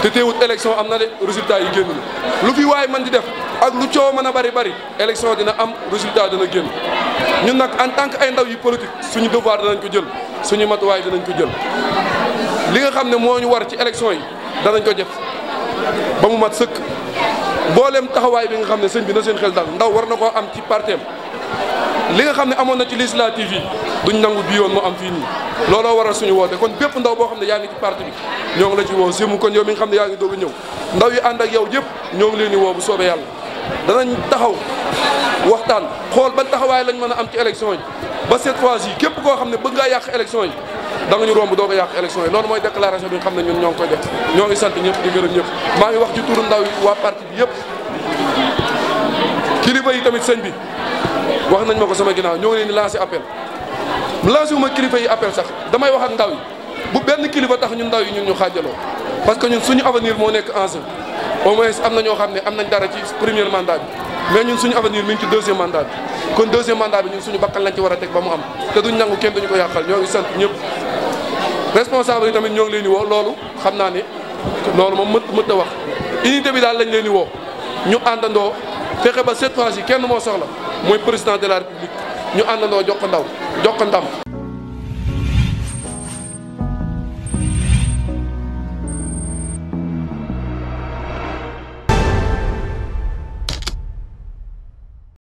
te teewut élection am na leen résultat yi génn lu fi waay man di def ak lu coow mën a bari bari élection dina am résultat dana génn ñun nag en tant que ay ndaw yi politique suñu devoir danañ ko jël suñu matuwaay danañ ko jël li nga xam ne moo ñu war ci élection yi danañ ko def ba mu mat sëkk mboolem taxawaay bi nga xam ne sëñ bi na seen xel daal ndaw war na koo am ci parteem li nga xam ne amoon na ci législative yi duñ nangu bi yoon moo am fii nii looloo waral suñu woote kon bépp ndaw boo xam ne yaa ngi ci parti bi la ci woo simu kon yow mi doog a ñëw ndaw yi ànd ak yow yëpp ñoo ngi leen di woo bu soobee yàlla danañ taxaw waxtaan xool ba taxawaay lañ mën a am ci élection yi ba cette fois yi képp koo xam ne bëgg ngaa yàq élection yi da nga ñu romb doo ko yàq élection yi loolu mooy déclaration bi nga xam ne ñun ñoo ngi koy def ñoo sant ñëpp di gërëm ñëpp maa ngi wax ci turu ndaw yi waa parti bi yëpp kilifa yi tamit sëñ bi wax nañ ma ko sama ginnaaw ñoo ngi leen di lancé appel lancé wu ma kilifa yi appel sax damay wax ak ndaw yi bu benn kilifa tax ñun ndaw yi ñun ñu xaajaloo parce que ñun suñu avenir moo nekk en jeu au moins am na ñoo xam ne am nañ dara ci premier mandat bi mais ñun suñu avenir mi ngi ci deuxième mandat bi kon deuxième mandat bi ñun suñu bakkan lañ ci war a teg ba mu am te duñ nangu kenn duñu ko yàqal ñoo ngi sant ñëpp responsable yi tamit ñoo ngi leen di woo loolu xam naa ne loolu moom mët mët a wax unité bi daal lañ leen di woo ñu àndandoo fexe ba cette fois yi kenn moo soxla mooy président de la république ñu àndandoo jox ko ndaw jox ko ndam